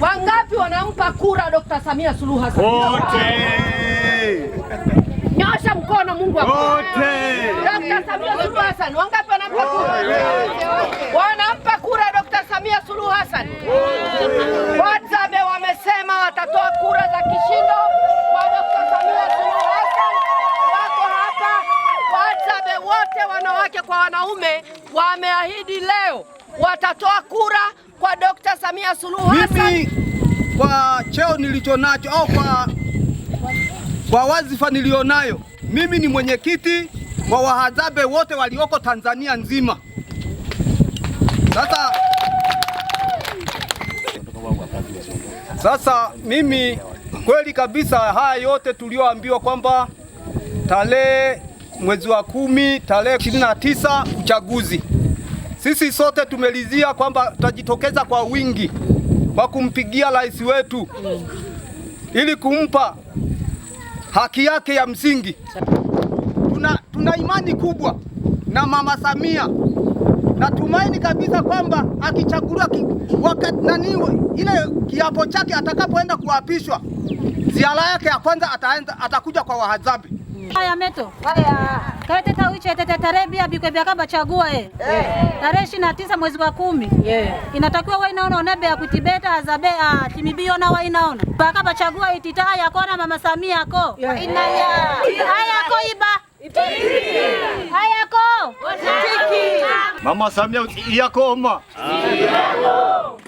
Wangapi wanampa kura Dr. Samia Suluhu Hassan? Wote. Nyosha mkono Mungu akupe. Wote. Dr. Samia Suluhu Hassan, wangapi wanampa kura? Wanampa kura Dr. Samia Suluhu Hassan. Wote wamesema watatoa kura za kishindo wote wanawake kwa wanaume wameahidi leo watatoa kura kwa Dr. Samia Suluhu Hassan. Mimi kwa cheo nacho au kwa, kwa wazifa nilionayo mimi ni mwenyekiti wa wahadzabe wote walioko Tanzania nzima. Sasa, sasa mimi kweli kabisa haya yote tulioambiwa kwamba tarehe mwezi wa kumi tarehe 29 uchaguzi sisi sote tumelizia kwamba tutajitokeza kwa wingi kwa kumpigia rais wetu ili kumpa haki yake ya msingi. Tuna, tuna imani kubwa na Mama Samia. Natumaini kabisa kwamba akichaguliwa nani ile kiapo chake atakapoenda kuapishwa, ziara yake ya kwanza ataenda, atakuja kwa wahadzabi Haya meto. Haya. Kete tawiche tete tarebia bikwe byakaba chagua eh. Tarehe ishirini na tisa mwezi wa kumi. Yeah. Inatakiwa wewe inaona onebe ya kutibeta azabe a ah, timibiyo na wewe inaona. Byakaba chagua ititaya yako na Mama Samia yako. Yeah. ya. Haya ko iba. Haya yako. Watiki. Mama Samia ko oma. ko.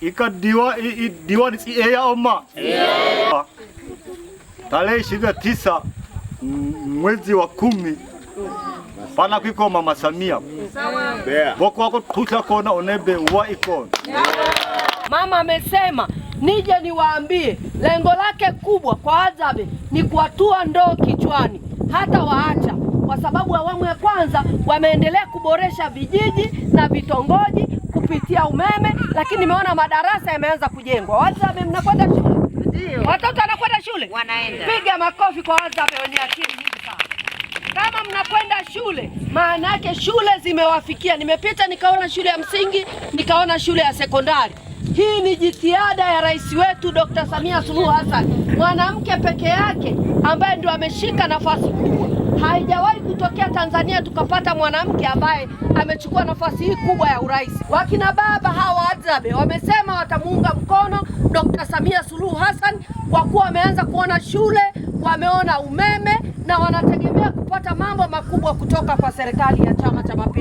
Ika diwa i, diwa ni ya oma. Yeah. Tarehe ishirini na tisa mwezi wa kumi pana kwiko mama Samia boko wako tuta kona onebe wa ikona mama amesema nije niwaambie lengo lake kubwa kwa Adzabe ni kuwatua ndoo kichwani hata waacha kwa sababu awamu ya kwanza wameendelea kuboresha vijiji na vitongoji kupitia umeme, lakini nimeona madarasa yameanza kujengwa. Wazame, mnakwenda shule shule wanaenda. Piga makofi kwa WhatsApp wenye akili nyingi sana. Kama mnakwenda shule, maana yake shule zimewafikia. Nimepita nikaona shule ya msingi, nikaona shule ya sekondari. Hii ni jitihada ya rais wetu Dr. Samia Suluhu Hassan, mwanamke peke yake ambaye ndio ameshika nafasi kubwa Haijawahi kutokea Tanzania tukapata mwanamke ambaye amechukua nafasi hii kubwa ya urais. Wakina baba hawa Adzabe wamesema watamuunga mkono Dr. Samia Suluhu Hassan kwa kuwa wameanza kuona shule, wameona umeme na wanategemea kupata mambo makubwa kutoka kwa serikali ya Chama cha Mapinduzi.